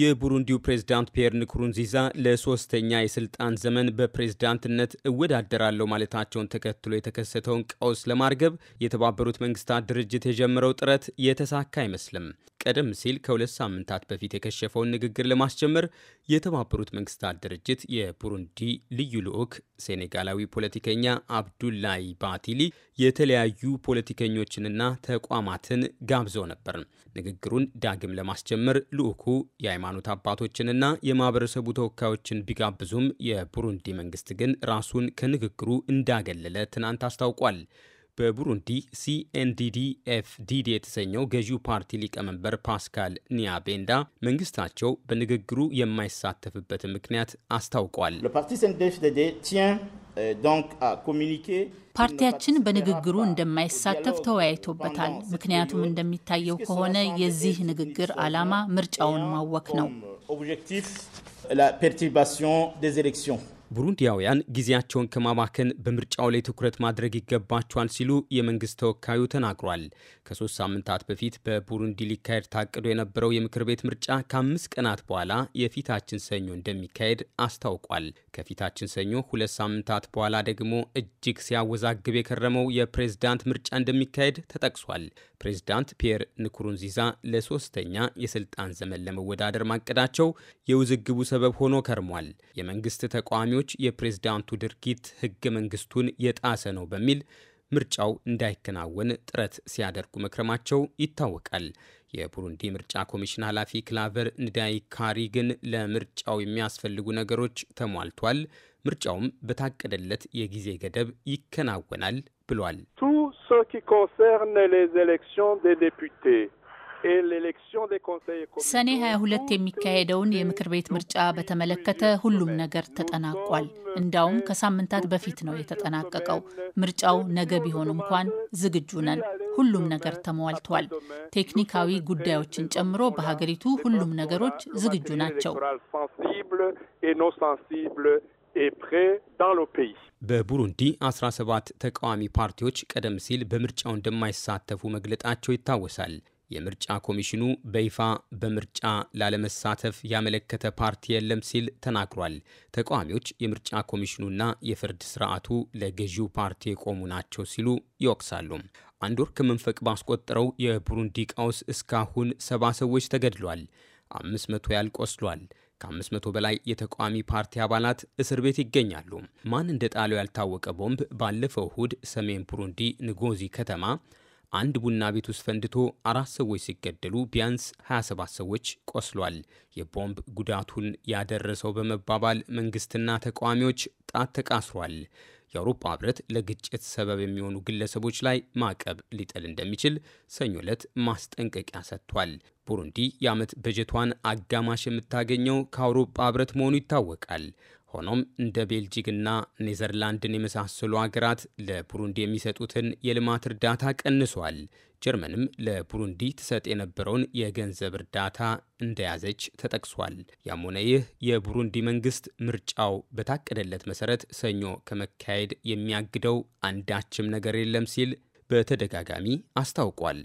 የቡሩንዲው ፕሬዝዳንት ፒየር ንኩሩንዚዛ ለሶስተኛ የስልጣን ዘመን በፕሬዝዳንትነት እወዳደራለሁ ማለታቸውን ተከትሎ የተከሰተውን ቀውስ ለማርገብ የተባበሩት መንግስታት ድርጅት የጀመረው ጥረት የተሳካ አይመስልም። ቀደም ሲል ከሁለት ሳምንታት በፊት የከሸፈውን ንግግር ለማስጀመር የተባበሩት መንግስታት ድርጅት የቡሩንዲ ልዩ ልዑክ ሴኔጋላዊ ፖለቲከኛ አብዱላይ ባቲሊ የተለያዩ ፖለቲከኞችንና ተቋማትን ጋብዞ ነበር። ንግግሩን ዳግም ለማስጀመር ልዑኩ የሃይማኖት አባቶችንና የማህበረሰቡ ተወካዮችን ቢጋብዙም የቡሩንዲ መንግስት ግን ራሱን ከንግግሩ እንዳገለለ ትናንት አስታውቋል። በቡሩንዲ ሲኤንዲዲኤፍዲዲ የተሰኘው ገዢው ፓርቲ ሊቀመንበር ፓስካል ኒያቤንዳ መንግስታቸው በንግግሩ የማይሳተፍበት ምክንያት አስታውቋል። euh, ፓርቲያችን በንግግሩ እንደማይሳተፍ ተወያይቶበታል። ምክንያቱም እንደሚታየው ከሆነ የዚህ ንግግር ዓላማ ምርጫውን ማወክ ነው። ቡሩንዲያውያን ጊዜያቸውን ከማባከን በምርጫው ላይ ትኩረት ማድረግ ይገባቸዋል ሲሉ የመንግስት ተወካዩ ተናግሯል። ከሶስት ሳምንታት በፊት በቡሩንዲ ሊካሄድ ታቅዶ የነበረው የምክር ቤት ምርጫ ከአምስት ቀናት በኋላ የፊታችን ሰኞ እንደሚካሄድ አስታውቋል። ከፊታችን ሰኞ ሁለት ሳምንታት በኋላ ደግሞ እጅግ ሲያወዛግብ የከረመው የፕሬዝዳንት ምርጫ እንደሚካሄድ ተጠቅሷል። ፕሬዝዳንት ፒየር ንኩሩንዚዛ ለሶስተኛ የስልጣን ዘመን ለመወዳደር ማቀዳቸው የውዝግቡ ሰበብ ሆኖ ከርሟል። የመንግስት ተቃዋሚዎች ተቃዋሚዎች የፕሬዝዳንቱ ድርጊት ህገ መንግስቱን የጣሰ ነው በሚል ምርጫው እንዳይከናወን ጥረት ሲያደርጉ መክረማቸው ይታወቃል። የቡሩንዲ ምርጫ ኮሚሽን ኃላፊ ክላቨር ንዳይ ካሪ ግን ለምርጫው የሚያስፈልጉ ነገሮች ተሟልቷል፣ ምርጫውም በታቀደለት የጊዜ ገደብ ይከናወናል ብሏል። ሰኔ 22 የሚካሄደውን የምክር ቤት ምርጫ በተመለከተ ሁሉም ነገር ተጠናቋል። እንዳውም ከሳምንታት በፊት ነው የተጠናቀቀው። ምርጫው ነገ ቢሆን እንኳን ዝግጁ ነን። ሁሉም ነገር ተሟልቷል። ቴክኒካዊ ጉዳዮችን ጨምሮ በሀገሪቱ ሁሉም ነገሮች ዝግጁ ናቸው። በቡሩንዲ 17 ተቃዋሚ ፓርቲዎች ቀደም ሲል በምርጫው እንደማይሳተፉ መግለጣቸው ይታወሳል። የምርጫ ኮሚሽኑ በይፋ በምርጫ ላለመሳተፍ ያመለከተ ፓርቲ የለም ሲል ተናግሯል። ተቃዋሚዎች የምርጫ ኮሚሽኑና የፍርድ ስርዓቱ ለገዢው ፓርቲ የቆሙ ናቸው ሲሉ ይወቅሳሉ። አንድ ወር ከመንፈቅ ባስቆጠረው የቡሩንዲ ቀውስ እስካሁን ሰባ ሰዎች ተገድሏል። አምስት መቶ ያህል ቆስሏል። ከ500 በላይ የተቃዋሚ ፓርቲ አባላት እስር ቤት ይገኛሉ። ማን እንደ ጣለው ያልታወቀ ቦምብ ባለፈው እሁድ ሰሜን ቡሩንዲ ንጎዚ ከተማ አንድ ቡና ቤት ውስጥ ፈንድቶ አራት ሰዎች ሲገደሉ ቢያንስ 27 ሰዎች ቆስሏል። የቦምብ ጉዳቱን ያደረሰው በመባባል መንግስትና ተቃዋሚዎች ጣት ተቃስሯል። የአውሮፓ ህብረት ለግጭት ሰበብ የሚሆኑ ግለሰቦች ላይ ማዕቀብ ሊጥል እንደሚችል ሰኞ ዕለት ማስጠንቀቂያ ሰጥቷል። ቡሩንዲ የዓመት በጀቷን አጋማሽ የምታገኘው ከአውሮፓ ህብረት መሆኑ ይታወቃል። ሆኖም እንደ ቤልጂክና ኔዘርላንድን የመሳሰሉ አገራት ለቡሩንዲ የሚሰጡትን የልማት እርዳታ ቀንሷል። ጀርመንም ለቡሩንዲ ትሰጥ የነበረውን የገንዘብ እርዳታ እንደያዘች ተጠቅሷል። ያም ሆነ ይህ የቡሩንዲ መንግስት ምርጫው በታቀደለት መሰረት ሰኞ ከመካሄድ የሚያግደው አንዳችም ነገር የለም ሲል በተደጋጋሚ አስታውቋል።